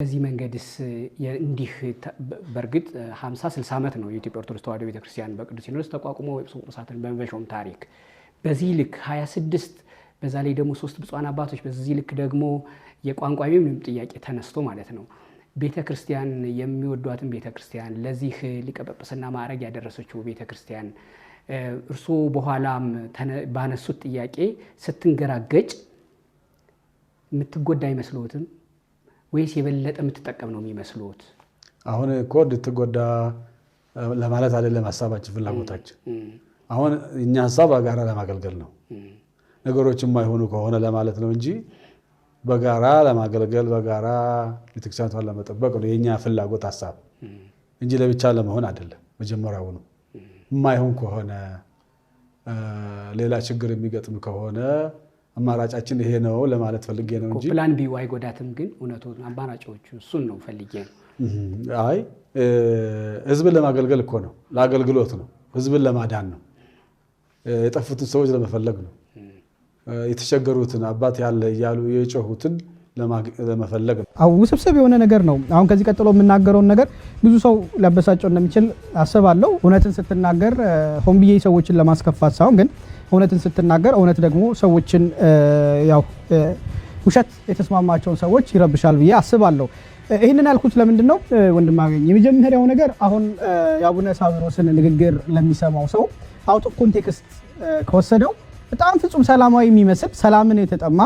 በዚህ መንገድስ እንዲህ በእርግጥ 50 60 ዓመት ነው የኢትዮጵያ ኦርቶዶክስ ተዋሕዶ ቤተክርስቲያን በቅዱስ ሲኖዶስ ተቋቁሞ ጳጳሳትን በመሾም ታሪክ በዚህ ልክ 26 በዛ ላይ ደግሞ ሶስት ብፁዓን አባቶች በዚህ ልክ ደግሞ የቋንቋ ምንም ጥያቄ ተነስቶ ማለት ነው ቤተ ክርስቲያን የሚወዷትን ቤተ ክርስቲያን ለዚህ ሊቀ ጳጳስና ማዕረግ ያደረሰችው ቤተ ክርስቲያን እርስዎ በኋላም ባነሱት ጥያቄ ስትንገራገጭ የምትጎዳ አይመስልዎትም? ወይስ የበለጠ የምትጠቀም ነው የሚመስሉት? አሁን እኮ እንድትጎዳ ለማለት አይደለም ሀሳባችን፣ ፍላጎታችን አሁን እኛ ሀሳብ በጋራ ለማገልገል ነው። ነገሮች የማይሆኑ ከሆነ ለማለት ነው እንጂ በጋራ ለማገልገል በጋራ ቤተክርስቲያኗን ለመጠበቅ ነው የእኛ ፍላጎት ሀሳብ እንጂ ለብቻ ለመሆን አይደለም። መጀመሪያውኑ የማይሆን ከሆነ ሌላ ችግር የሚገጥም ከሆነ አማራጫችን ይሄ ነው ለማለት ፈልጌ ነው እንጂ ፕላን ቢ አይጎዳትም። ግን እውነቱ አማራጮቹ እሱን ነው ፈልጌ ነው። አይ ህዝብን ለማገልገል እኮ ነው፣ ለአገልግሎት ነው፣ ህዝብን ለማዳን ነው፣ የጠፉትን ሰዎች ለመፈለግ ነው፣ የተቸገሩትን አባት ያለ እያሉ የጮሁትን ለመፈለግ ነው። ውስብስብ የሆነ ነገር ነው። አሁን ከዚህ ቀጥሎ የምናገረውን ነገር ብዙ ሰው ሊያበሳጨው እንደሚችል አስባለሁ። እውነትን ስትናገር ሆን ብዬ ሰዎችን ለማስከፋት ሳይሆን ግን እውነትን ስትናገር እውነት ደግሞ ሰዎችን ያው ውሸት የተስማማቸውን ሰዎች ይረብሻል ብዬ አስባለሁ። ይህንን ያልኩት ለምንድን ነው ወንድማገኝ? የመጀመሪያው ነገር አሁን የአቡነ ሳዊሮስን ንግግር ለሚሰማው ሰው አውቶ ኮንቴክስት ከወሰደው በጣም ፍጹም ሰላማዊ የሚመስል ሰላምን የተጠማ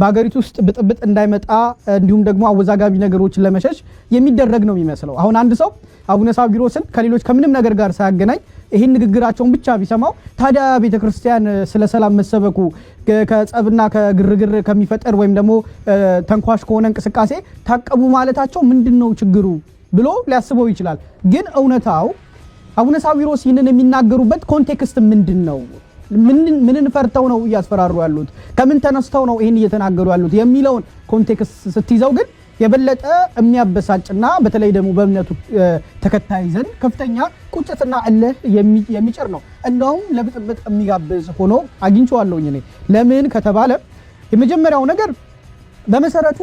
በሀገሪቱ ውስጥ ብጥብጥ እንዳይመጣ እንዲሁም ደግሞ አወዛጋቢ ነገሮችን ለመሸሽ የሚደረግ ነው የሚመስለው። አሁን አንድ ሰው አቡነ ሳዊሮስን ከሌሎች ከምንም ነገር ጋር ሳያገናኝ ይህን ንግግራቸውን ብቻ ቢሰማው ታዲያ ቤተ ክርስቲያን ስለ ሰላም መሰበኩ ከጸብና ከግርግር ከሚፈጠር ወይም ደግሞ ተንኳሽ ከሆነ እንቅስቃሴ ታቀቡ ማለታቸው ምንድን ነው ችግሩ ብሎ ሊያስበው ይችላል። ግን እውነታው አቡነ ሳዊሮስ ይህንን የሚናገሩበት ኮንቴክስት ምንድን ነው? ምንን ፈርተው ነው እያስፈራሩ ያሉት? ከምን ተነስተው ነው ይህን እየተናገሩ ያሉት የሚለውን ኮንቴክስት ስትይዘው ግን የበለጠ የሚያበሳጭና በተለይ ደግሞ በእምነቱ ተከታይ ዘንድ ከፍተኛ ቁጭትና እልህ የሚጭር ነው። እንደውም ለብጥብጥ የሚጋብዝ ሆኖ አግኝቼዋለሁኝ እኔ። ለምን ከተባለ የመጀመሪያው ነገር በመሰረቱ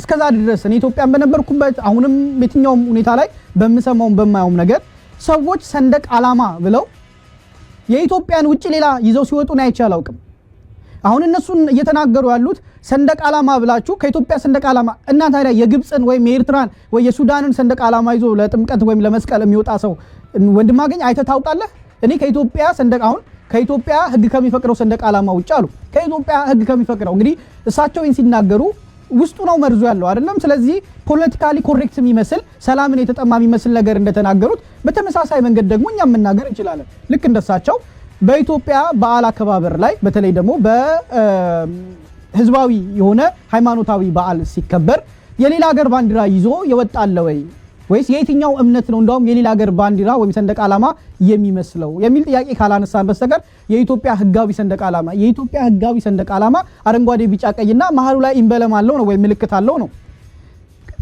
እስከዛ ድረስ እኔ ኢትዮጵያን በነበርኩበት አሁንም የትኛውም ሁኔታ ላይ በምሰማውም በማየውም ነገር ሰዎች ሰንደቅ ዓላማ ብለው የኢትዮጵያን ውጭ ሌላ ይዘው ሲወጡ ነው አይቼ አላውቅም። አሁን እነሱን እየተናገሩ ያሉት ሰንደቅ ዓላማ ብላችሁ ከኢትዮጵያ ሰንደቅ ዓላማ እና ታዲያ የግብፅን ወይም የኤርትራን ወይ የሱዳንን ሰንደቅ ዓላማ ይዞ ለጥምቀት ወይም ለመስቀል የሚወጣ ሰው ወንድማገኝ አይተህ ታውቃለህ? እኔ ከኢትዮጵያ ሰንደቅ አሁን ከኢትዮጵያ ሕግ ከሚፈቅደው ሰንደቅ ዓላማ ውጭ አሉ። ከኢትዮጵያ ሕግ ከሚፈቅደው እንግዲህ እሳቸው ይህን ሲናገሩ ውስጡ ነው መርዞ ያለው አይደለም። ስለዚህ ፖለቲካሊ ኮሬክት የሚመስል ሰላምን የተጠማ የሚመስል ነገር እንደተናገሩት በተመሳሳይ መንገድ ደግሞ እኛ መናገር እንችላለን። ልክ እንደሳቸው በኢትዮጵያ በዓል አከባበር ላይ በተለይ ደግሞ በህዝባዊ የሆነ ሃይማኖታዊ በዓል ሲከበር የሌላ ሀገር ባንዲራ ይዞ የወጣለ ወይ ወይስ የየትኛው እምነት ነው እንደውም የሌላ ሀገር ባንዲራ ወይም ሰንደቅ ዓላማ የሚመስለው የሚል ጥያቄ ካላነሳን በስተቀር የኢትዮጵያ ህጋዊ ሰንደቅ ዓላማ የኢትዮጵያ ህጋዊ ሰንደቅ ዓላማ አረንጓዴ፣ ቢጫ፣ ቀይና መሀሉ ላይ እምበለም አለው ነው ወይም ምልክት አለው ነው።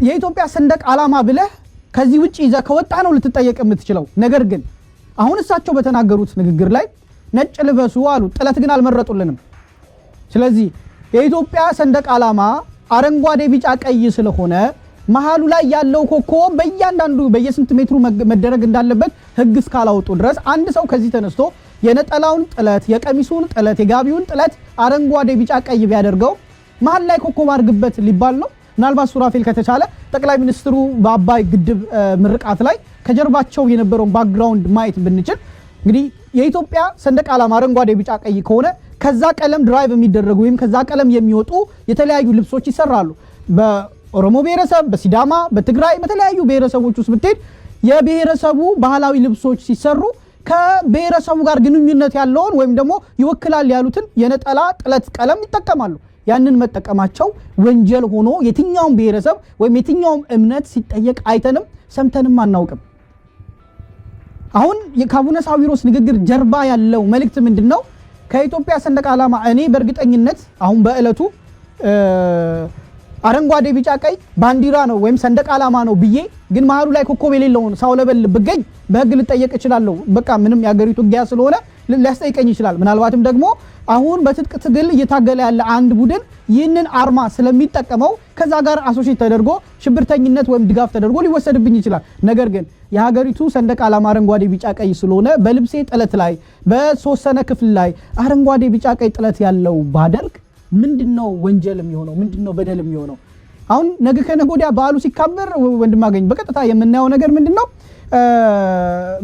የኢትዮጵያ ሰንደቅ ዓላማ ብለህ ከዚህ ውጭ ይዘህ ከወጣ ነው ልትጠየቅ የምትችለው። ነገር ግን አሁን እሳቸው በተናገሩት ንግግር ላይ ነጭ ልበሱ አሉ። ጥለት ግን አልመረጡልንም። ስለዚህ የኢትዮጵያ ሰንደቅ ዓላማ አረንጓዴ፣ ቢጫ፣ ቀይ ስለሆነ መሀሉ ላይ ያለው ኮከብ በእያንዳንዱ በየስንት ሜትሩ መደረግ እንዳለበት ህግ እስካላወጡ ድረስ አንድ ሰው ከዚህ ተነስቶ የነጠላውን ጥለት፣ የቀሚሱን ጥለት፣ የጋቢውን ጥለት አረንጓዴ፣ ቢጫ፣ ቀይ ቢያደርገው መሀል ላይ ኮከብ አድርግበት ሊባል ነው። ምናልባት ሱራፌል ከተቻለ ጠቅላይ ሚኒስትሩ በአባይ ግድብ ምርቃት ላይ ከጀርባቸው የነበረውን ባክግራውንድ ማየት ብንችል እንግዲህ የኢትዮጵያ ሰንደቅ ዓላማ አረንጓዴ፣ ቢጫ፣ ቀይ ከሆነ ከዛ ቀለም ድራይቭ የሚደረጉ ወይም ከዛ ቀለም የሚወጡ የተለያዩ ልብሶች ይሰራሉ። ኦሮሞ ብሔረሰብ፣ በሲዳማ፣ በትግራይ በተለያዩ ብሔረሰቦች ውስጥ ብትሄድ የብሔረሰቡ ባህላዊ ልብሶች ሲሰሩ ከብሔረሰቡ ጋር ግንኙነት ያለውን ወይም ደግሞ ይወክላል ያሉትን የነጠላ ጥለት ቀለም ይጠቀማሉ። ያንን መጠቀማቸው ወንጀል ሆኖ የትኛውም ብሔረሰብ ወይም የትኛውም እምነት ሲጠየቅ አይተንም ሰምተንም አናውቅም። አሁን ከአቡነ ሳዊሮስ ንግግር ጀርባ ያለው መልእክት ምንድን ነው? ከኢትዮጵያ ሰንደቅ ዓላማ እኔ በእርግጠኝነት አሁን በዕለቱ አረንጓዴ፣ ቢጫ፣ ቀይ ባንዲራ ነው ወይም ሰንደቅ ዓላማ ነው ብዬ ግን መሀሉ ላይ ኮከብ የሌለውን ሳውለበል ብገኝ በህግ ልጠየቅ እችላለሁ። በቃ ምንም የሀገሪቱ ውጊያ ስለሆነ ሊያስጠይቀኝ ይችላል። ምናልባትም ደግሞ አሁን በትጥቅ ትግል እየታገለ ያለ አንድ ቡድን ይህንን አርማ ስለሚጠቀመው ከዛ ጋር አሶሴት ተደርጎ ሽብርተኝነት ወይም ድጋፍ ተደርጎ ሊወሰድብኝ ይችላል። ነገር ግን የሀገሪቱ ሰንደቅ ዓላማ አረንጓዴ፣ ቢጫ፣ ቀይ ስለሆነ በልብሴ ጥለት ላይ በተወሰነ ክፍል ላይ አረንጓዴ፣ ቢጫ፣ ቀይ ጥለት ያለው ባደርግ ምንድን ነው ወንጀል የሚሆነው? ምንድን ነው በደል የሚሆነው? አሁን ነገ ከነገ ወዲያ በዓሉ ሲከበር ወንድማገኝ በቀጥታ የምናየው ነገር ምንድን ነው?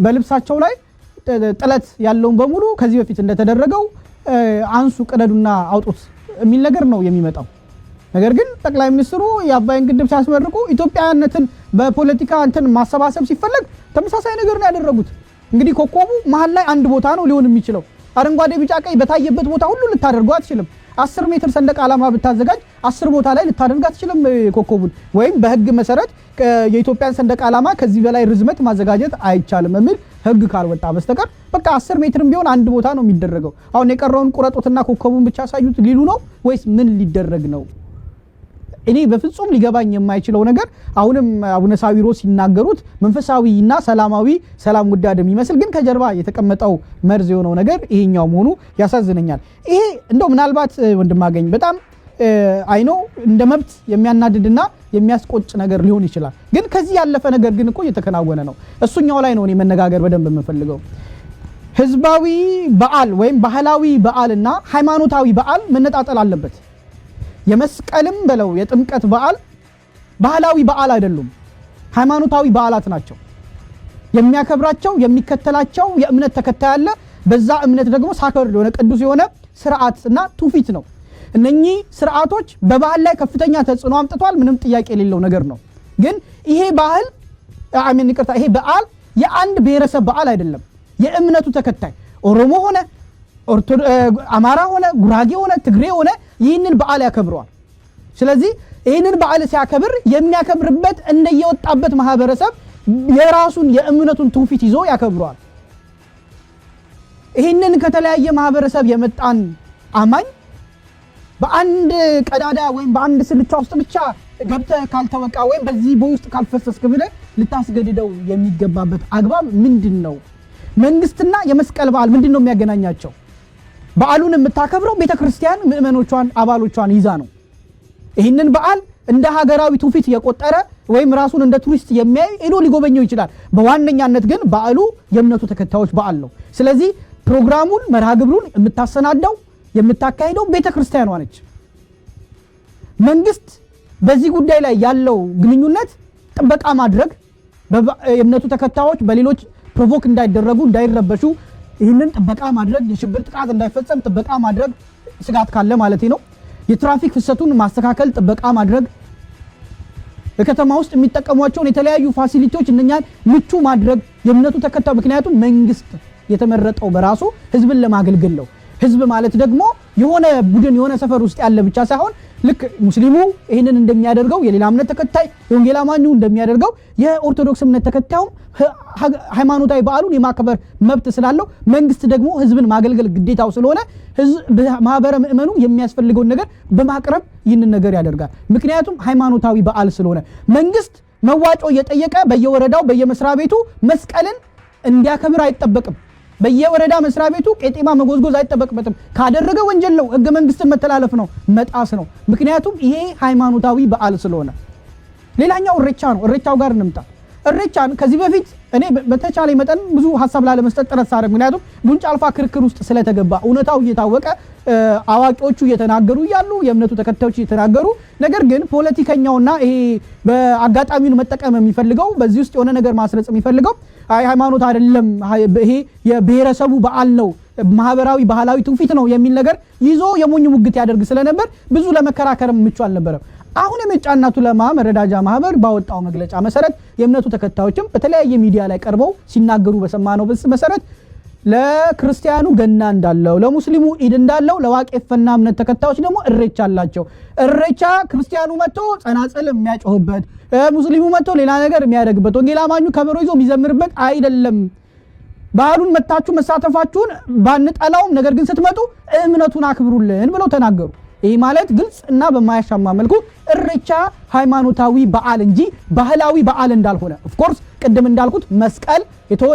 በልብሳቸው ላይ ጥለት ያለውን በሙሉ ከዚህ በፊት እንደተደረገው አንሱ፣ ቅደዱና አውጡት የሚል ነገር ነው የሚመጣው። ነገር ግን ጠቅላይ ሚኒስትሩ የአባይን ግድብ ሲያስመርቁ ኢትዮጵያነትን በፖለቲካ እንትን ማሰባሰብ ሲፈለግ ተመሳሳይ ነገር ነው ያደረጉት። እንግዲህ ኮከቡ መሀል ላይ አንድ ቦታ ነው ሊሆን የሚችለው። አረንጓዴ፣ ቢጫ፣ ቀይ በታየበት ቦታ ሁሉ ልታደርገው አትችልም። አስር ሜትር ሰንደቅ ዓላማ ብታዘጋጅ አስር ቦታ ላይ ልታደርግ አትችልም ኮከቡን። ወይም በህግ መሰረት የኢትዮጵያን ሰንደቅ ዓላማ ከዚህ በላይ ርዝመት ማዘጋጀት አይቻልም የሚል ህግ ካልወጣ በስተቀር በቃ አስር ሜትርም ቢሆን አንድ ቦታ ነው የሚደረገው። አሁን የቀረውን ቁረጦትና ኮከቡን ብቻ ሳዩት ሊሉ ነው ወይስ ምን ሊደረግ ነው? እኔ በፍጹም ሊገባኝ የማይችለው ነገር አሁንም አቡነ ሳዊሮስ ሲናገሩት መንፈሳዊና ሰላማዊ ሰላም ውዳድ የሚመስል ግን ከጀርባ የተቀመጠው መርዝ የሆነው ነገር ይሄኛው መሆኑ ያሳዝነኛል። ይሄ እንደው ምናልባት ወንድማገኝ በጣም አይኖ እንደ መብት የሚያናድድና የሚያስቆጭ ነገር ሊሆን ይችላል። ግን ከዚህ ያለፈ ነገር ግን እኮ እየተከናወነ ነው። እሱኛው ላይ ነው እኔ መነጋገር በደንብ የምንፈልገው። ህዝባዊ በዓል ወይም ባህላዊ በዓልና ሃይማኖታዊ በዓል መነጣጠል አለበት። የመስቀልም በለው የጥምቀት በዓል ባህላዊ በዓል አይደሉም፣ ሃይማኖታዊ በዓላት ናቸው። የሚያከብራቸው የሚከተላቸው የእምነት ተከታይ አለ። በዛ እምነት ደግሞ ሳክር የሆነ ቅዱስ የሆነ ስርዓት እና ትውፊት ነው። እነኚህ ስርዓቶች በባህል ላይ ከፍተኛ ተጽዕኖ አምጥቷል። ምንም ጥያቄ የሌለው ነገር ነው። ግን ይሄ ባህል አሚን ይቅርታ፣ ይሄ በዓል የአንድ ብሔረሰብ በዓል አይደለም። የእምነቱ ተከታይ ኦሮሞ ሆነ አማራ ሆነ ጉራጌ ሆነ ትግሬ ሆነ ይህንን በዓል ያከብረዋል። ስለዚህ ይህንን በዓል ሲያከብር የሚያከብርበት እንደየወጣበት ማህበረሰብ የራሱን የእምነቱን ትውፊት ይዞ ያከብረዋል። ይህንን ከተለያየ ማህበረሰብ የመጣን አማኝ በአንድ ቀዳዳ ወይም በአንድ ስልቻ ውስጥ ብቻ ገብተህ ካልተወቃ ወይም በዚህ በውስጥ ውስጥ ካልፈሰስክ ብለህ ልታስገድደው የሚገባበት አግባብ ምንድን ነው? መንግስትና የመስቀል በዓል ምንድን ነው የሚያገናኛቸው? በዓሉን የምታከብረው ቤተ ክርስቲያን ምእመኖቿን አባሎቿን ይዛ ነው። ይህንን በዓል እንደ ሀገራዊ ትውፊት የቆጠረ ወይም ራሱን እንደ ቱሪስት የሚያይ ሄዶ ሊጎበኘው ይችላል። በዋነኛነት ግን በዓሉ የእምነቱ ተከታዮች በዓል ነው። ስለዚህ ፕሮግራሙን መርሃ ግብሩን የምታሰናዳው የምታካሄደው ቤተ ክርስቲያኗ ነች። መንግስት በዚህ ጉዳይ ላይ ያለው ግንኙነት ጥበቃ ማድረግ የእምነቱ ተከታዮች በሌሎች ፕሮቮክ እንዳይደረጉ እንዳይረበሹ ይህንን ጥበቃ ማድረግ የሽብር ጥቃት እንዳይፈጸም ጥበቃ ማድረግ ስጋት ካለ ማለት ነው። የትራፊክ ፍሰቱን ማስተካከል፣ ጥበቃ ማድረግ፣ በከተማ ውስጥ የሚጠቀሟቸውን የተለያዩ ፋሲሊቲዎች እነኛን ምቹ ማድረግ የእምነቱ ተከታዩ ምክንያቱም መንግስት የተመረጠው በራሱ ህዝብን ለማገልገል ነው። ህዝብ ማለት ደግሞ የሆነ ቡድን የሆነ ሰፈር ውስጥ ያለ ብቻ ሳይሆን ልክ ሙስሊሙ ይህንን እንደሚያደርገው የሌላ እምነት ተከታይ የወንጌል አማኙ እንደሚያደርገው የኦርቶዶክስ እምነት ተከታዩም ሃይማኖታዊ በዓሉን የማከበር መብት ስላለው መንግስት ደግሞ ህዝብን ማገልገል ግዴታው ስለሆነ ማህበረ ምእመኑ የሚያስፈልገውን ነገር በማቅረብ ይህንን ነገር ያደርጋል። ምክንያቱም ሃይማኖታዊ በዓል ስለሆነ መንግስት መዋጮ እየጠየቀ በየወረዳው በየመስሪያ ቤቱ መስቀልን እንዲያከብር አይጠበቅም። በየወረዳ መስሪያ ቤቱ ቄጤማ መጎዝጎዝ አይጠበቅበትም። ካደረገ ወንጀል ነው፣ ህገ መንግስትን መተላለፍ ነው፣ መጣስ ነው። ምክንያቱም ይሄ ሃይማኖታዊ በዓል ስለሆነ። ሌላኛው እሬቻ ነው። እሬቻው ጋር እንምጣ። እሬቻን ከዚህ በፊት እኔ በተቻለ መጠን ብዙ ሀሳብ ላለመስጠት ጥረት ሳደርግ፣ ምክንያቱም ጉንጭ አልፋ ክርክር ውስጥ ስለተገባ እውነታው እየታወቀ አዋቂዎቹ እየተናገሩ እያሉ የእምነቱ ተከታዮች እየተናገሩ ነገር ግን ፖለቲከኛውና ይሄ በአጋጣሚውን መጠቀም የሚፈልገው በዚህ ውስጥ የሆነ ነገር ማስረጽ የሚፈልገው አይ ሃይማኖት አይደለም ይሄ የብሔረሰቡ በዓል ነው ማህበራዊ ባህላዊ ትውፊት ነው የሚል ነገር ይዞ የሞኝ ሙግት ያደርግ ስለነበር ብዙ ለመከራከር ምቹ አልነበረም። አሁን የጫና ዑለማ መረዳጃ ማህበር ባወጣው መግለጫ መሰረት የእምነቱ ተከታዮችም በተለያየ ሚዲያ ላይ ቀርበው ሲናገሩ በሰማነው መሰረት ለክርስቲያኑ ገና እንዳለው ለሙስሊሙ ኢድ እንዳለው ለዋቄፈና እምነት ተከታዮች ደግሞ እሬቻ አላቸው። እሬቻ ክርስቲያኑ መጥቶ ጸናጽል የሚያጮህበት፣ ሙስሊሙ መጥቶ ሌላ ነገር የሚያደርግበት፣ ወንጌል አማኙ ከበሮ ይዞ የሚዘምርበት አይደለም። ባህሉን መታችሁ መሳተፋችሁን ባንጠላውም፣ ነገር ግን ስትመጡ እምነቱን አክብሩልን ብለው ተናገሩ። ይህ ማለት ግልጽ እና በማያሻማ መልኩ እርቻ ሃይማኖታዊ በዓል እንጂ ባህላዊ በዓል እንዳልሆነ፣ ኦፍኮርስ ቅድም እንዳልኩት መስቀል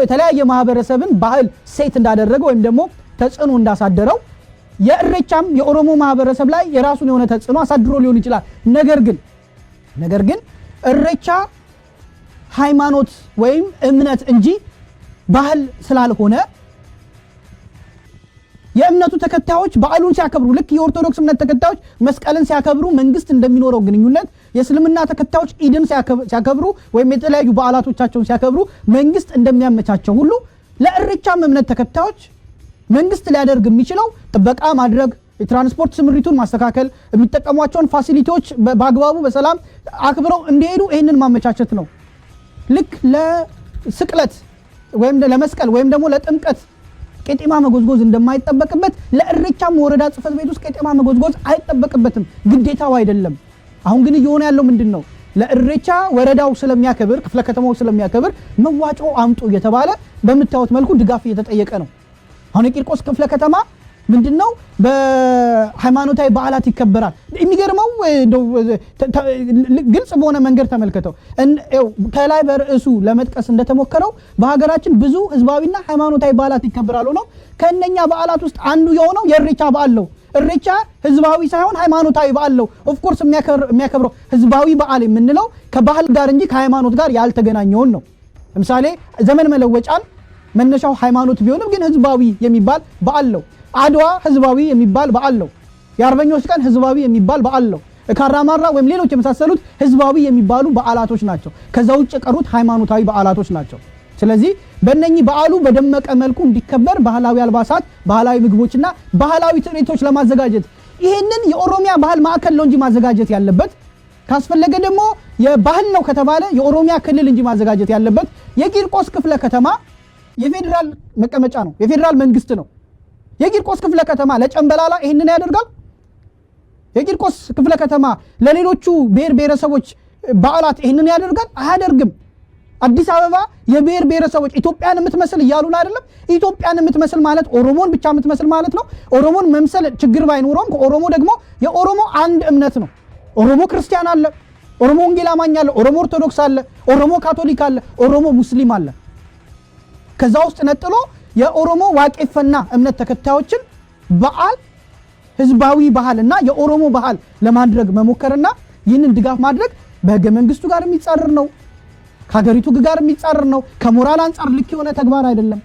የተለያየ ማህበረሰብን ባህል ሴት እንዳደረገ ወይም ደግሞ ተጽዕኖ እንዳሳደረው የእርቻም የኦሮሞ ማህበረሰብ ላይ የራሱን የሆነ ተጽዕኖ አሳድሮ ሊሆን ይችላል። ነገር ግን ነገር ግን እርቻ ሃይማኖት ወይም እምነት እንጂ ባህል ስላልሆነ የእምነቱ ተከታዮች በዓሉን ሲያከብሩ ልክ የኦርቶዶክስ እምነት ተከታዮች መስቀልን ሲያከብሩ መንግስት እንደሚኖረው ግንኙነት የእስልምና ተከታዮች ኢድን ሲያከብሩ ወይም የተለያዩ በዓላቶቻቸውን ሲያከብሩ መንግስት እንደሚያመቻቸው ሁሉ ለእርቻም እምነት ተከታዮች መንግስት ሊያደርግ የሚችለው ጥበቃ ማድረግ፣ የትራንስፖርት ስምሪቱን ማስተካከል፣ የሚጠቀሟቸውን ፋሲሊቲዎች በአግባቡ በሰላም አክብረው እንዲሄዱ ይህንን ማመቻቸት ነው። ልክ ለስቅለት ወይም ለመስቀል ወይም ደግሞ ለጥምቀት ቄጤማ መጎዝጎዝ እንደማይጠበቅበት ለእሬቻም ወረዳ ጽፈት ቤት ውስጥ ቄጤማ መጎዝጎዝ አይጠበቅበትም፣ ግዴታው አይደለም። አሁን ግን እየሆነ ያለው ምንድን ነው? ለእሬቻ ወረዳው ስለሚያከብር ክፍለ ከተማው ስለሚያከብር መዋጮ አምጡ እየተባለ በምታዩት መልኩ ድጋፍ እየተጠየቀ ነው። አሁን የቂርቆስ ክፍለ ከተማ ምንድነው በሃይማኖታዊ በዓላት ይከበራል። የሚገርመው ግልጽ በሆነ መንገድ ተመልከተው። ከላይ በርዕሱ ለመጥቀስ እንደተሞከረው በሀገራችን ብዙ ህዝባዊና ሃይማኖታዊ በዓላት ይከበራሉ ነው። ከእነኛ በዓላት ውስጥ አንዱ የሆነው የእሬቻ በዓል ነው። እሬቻ ህዝባዊ ሳይሆን ሃይማኖታዊ በዓል ነው። ኦፍኮርስ የሚያከብረው ህዝባዊ በዓል የምንለው ከባህል ጋር እንጂ ከሃይማኖት ጋር ያልተገናኘውን ነው። ለምሳሌ ዘመን መለወጫን መነሻው ሃይማኖት ቢሆንም ግን ህዝባዊ የሚባል በዓል ነው። አድዋ ህዝባዊ የሚባል በዓል ነው። የአርበኞች ቀን ህዝባዊ የሚባል በዓል ነው። ካራማራ ወይም ሌሎች የመሳሰሉት ህዝባዊ የሚባሉ በዓላቶች ናቸው። ከዛ ውጭ የቀሩት ሃይማኖታዊ በዓላቶች ናቸው። ስለዚህ በእነኚህ በዓሉ በደመቀ መልኩ እንዲከበር ባህላዊ አልባሳት፣ ባህላዊ ምግቦችና ባህላዊ ትርኢቶች ለማዘጋጀት ይህንን የኦሮሚያ ባህል ማዕከል ነው እንጂ ማዘጋጀት ያለበት ካስፈለገ ደግሞ የባህል ነው ከተባለ የኦሮሚያ ክልል እንጂ ማዘጋጀት ያለበት የቂርቆስ ክፍለ ከተማ የፌዴራል መቀመጫ ነው፣ የፌዴራል መንግስት ነው። የቂርቆስ ክፍለ ከተማ ለጨንበላላ ይህንን ያደርጋል። የቂርቆስ ክፍለ ከተማ ለሌሎቹ ብሔር ብሔረሰቦች በዓላት ይህንን ያደርጋል? አያደርግም። አዲስ አበባ የብሔር ብሔረሰቦች ኢትዮጵያን የምትመስል እያሉን አይደለም። ኢትዮጵያን የምትመስል ማለት ኦሮሞን ብቻ የምትመስል ማለት ነው። ኦሮሞን መምሰል ችግር ባይኖረውም ከኦሮሞ ደግሞ የኦሮሞ አንድ እምነት ነው። ኦሮሞ ክርስቲያን አለ፣ ኦሮሞ ወንጌል አማኝ አለ፣ ኦሮሞ ኦርቶዶክስ አለ፣ ኦሮሞ ካቶሊክ አለ፣ ኦሮሞ ሙስሊም አለ። ከዛ ውስጥ ነጥሎ የኦሮሞ ዋቄፈና እምነት ተከታዮችን በዓል ህዝባዊ ባህል እና የኦሮሞ ባህል ለማድረግ መሞከርና ይህንን ድጋፍ ማድረግ በህገ መንግስቱ ጋር የሚጻርር ነው። ከሀገሪቱ ጋር የሚጻርር ነው። ከሞራል አንጻር ልክ የሆነ ተግባር አይደለም።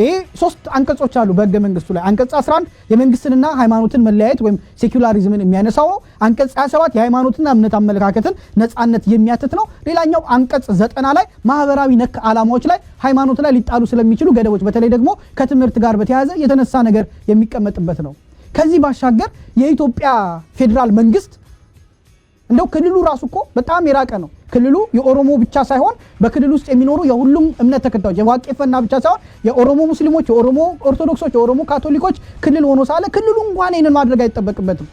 ይሄ ሶስት አንቀጾች አሉ በህገ መንግስቱ ላይ። አንቀጽ 11 የመንግስትንና ሃይማኖትን መለያየት ወይም ሴኩላሪዝምን የሚያነሳው ነው። አንቀጽ 27 የሃይማኖትና እምነት አመለካከትን ነፃነት የሚያትት ነው። ሌላኛው አንቀጽ ዘጠና ላይ ማህበራዊ ነክ ዓላማዎች ላይ ሃይማኖት ላይ ሊጣሉ ስለሚችሉ ገደቦች፣ በተለይ ደግሞ ከትምህርት ጋር በተያያዘ የተነሳ ነገር የሚቀመጥበት ነው። ከዚህ ባሻገር የኢትዮጵያ ፌዴራል መንግስት እንደው ክልሉ ራሱ እኮ በጣም የራቀ ነው። ክልሉ የኦሮሞ ብቻ ሳይሆን በክልሉ ውስጥ የሚኖሩ የሁሉም እምነት ተከታዮች የዋቄፈና ብቻ ሳይሆን የኦሮሞ ሙስሊሞች፣ የኦሮሞ ኦርቶዶክሶች፣ የኦሮሞ ካቶሊኮች ክልል ሆኖ ሳለ ክልሉ እንኳን ይህንን ማድረግ አይጠበቅበትም።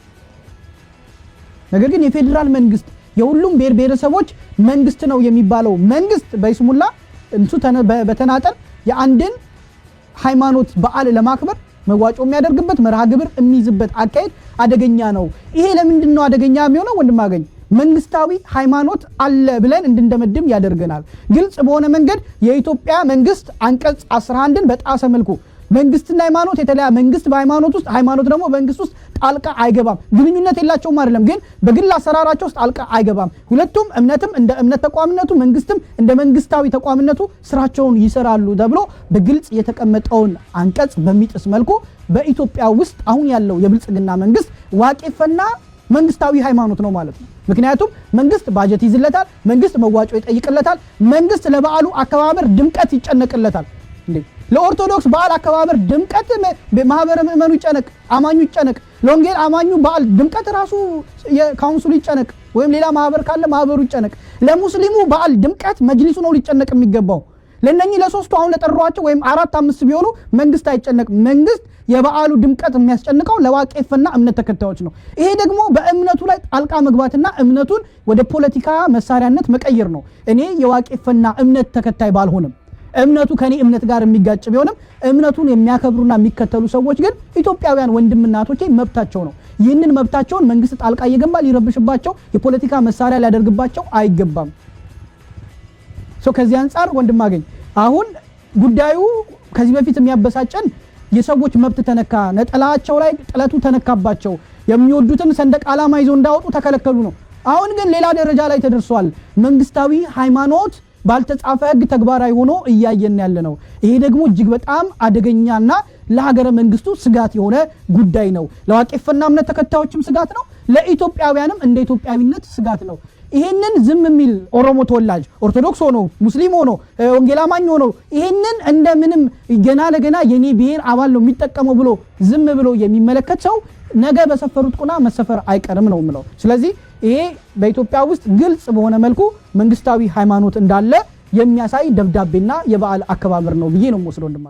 ነገር ግን የፌዴራል መንግስት የሁሉም ብሔር ብሔረሰቦች መንግስት ነው የሚባለው መንግስት በይስሙላ እንሱ በተናጠል የአንድን ሃይማኖት በዓል ለማክበር መዋጮ የሚያደርግበት መርሃ ግብር የሚይዝበት አካሄድ አደገኛ ነው። ይሄ ለምንድን ነው አደገኛ የሚሆነው? ወንድም አገኝ መንግስታዊ ሃይማኖት አለ ብለን እንድንደመድም ያደርገናል። ግልጽ በሆነ መንገድ የኢትዮጵያ መንግስት አንቀጽ 11ን በጣሰ መልኩ መንግስትና ሃይማኖት የተለያ መንግስት በሃይማኖት ውስጥ ሃይማኖት ደግሞ መንግስት ውስጥ ጣልቃ አይገባም። ግንኙነት የላቸውም አይደለም፣ ግን በግል አሰራራቸው ውስጥ ጣልቃ አይገባም። ሁለቱም እምነትም እንደ እምነት ተቋምነቱ፣ መንግስትም እንደ መንግስታዊ ተቋምነቱ ስራቸውን ይሰራሉ ተብሎ በግልጽ የተቀመጠውን አንቀጽ በሚጥስ መልኩ በኢትዮጵያ ውስጥ አሁን ያለው የብልጽግና መንግስት ዋቄፈና መንግስታዊ ሃይማኖት ነው ማለት ነው። ምክንያቱም መንግስት ባጀት ይዝለታል፣ መንግስት መዋጮ ይጠይቅለታል፣ መንግስት ለበዓሉ አከባበር ድምቀት ይጨነቅለታል እንዴ ለኦርቶዶክስ በዓል አከባበር ድምቀት ማህበረ ምእመኑ ይጨነቅ፣ አማኙ ይጨነቅ። ለወንጌል አማኙ በዓል ድምቀት ራሱ የካውንስሉ ይጨነቅ፣ ወይም ሌላ ማህበር ካለ ማህበሩ ይጨነቅ። ለሙስሊሙ በዓል ድምቀት መጅሊሱ ነው ሊጨነቅ የሚገባው። ለእነኚህ ለሶስቱ አሁን ለጠሯቸው ወይም አራት አምስት ቢሆኑ መንግስት አይጨነቅም። መንግስት የበዓሉ ድምቀት የሚያስጨንቀው ለዋቄፍና እምነት ተከታዮች ነው። ይሄ ደግሞ በእምነቱ ላይ ጣልቃ መግባትና እምነቱን ወደ ፖለቲካ መሳሪያነት መቀየር ነው። እኔ የዋቄፍና እምነት ተከታይ ባልሆንም እምነቱ ከኔ እምነት ጋር የሚጋጭ ቢሆንም እምነቱን የሚያከብሩና የሚከተሉ ሰዎች ግን ኢትዮጵያውያን ወንድም መብታቸው ነው። ይህንን መብታቸውን መንግስት ጣልቃ እየገባ ሊረብሽባቸው፣ የፖለቲካ መሳሪያ ሊያደርግባቸው አይገባም። ከዚህ አንጻር ወንድም አገኝ አሁን ጉዳዩ ከዚህ በፊት የሚያበሳጨን የሰዎች መብት ተነካ፣ ነጠላቸው ላይ ጥለቱ ተነካባቸው፣ የሚወዱትን ሰንደቅ ዓላማ ይዞ እንዳወጡ ተከለከሉ ነው። አሁን ግን ሌላ ደረጃ ላይ ተደርሷል። መንግስታዊ ሃይማኖት ባልተጻፈ ህግ ተግባራዊ ሆኖ እያየን ያለ ነው። ይሄ ደግሞ እጅግ በጣም አደገኛና ለሀገረ መንግስቱ ስጋት የሆነ ጉዳይ ነው። ለዋቄፈና እምነት ተከታዮችም ስጋት ነው። ለኢትዮጵያውያንም እንደ ኢትዮጵያዊነት ስጋት ነው። ይሄንን ዝም የሚል ኦሮሞ ተወላጅ ኦርቶዶክስ ሆኖ ሙስሊም ሆኖ ወንጌል አማኝ ሆኖ ይሄንን እንደ ምንም ገና ለገና የኔ ብሔር አባል ነው የሚጠቀመው ብሎ ዝም ብሎ የሚመለከት ሰው ነገ በሰፈሩት ቁና መሰፈር አይቀርም ነው የምለው። ስለዚህ ይሄ በኢትዮጵያ ውስጥ ግልጽ በሆነ መልኩ መንግስታዊ ሃይማኖት እንዳለ የሚያሳይ ደብዳቤና የበዓል አከባበር ነው ብዬ ነው ወስዶ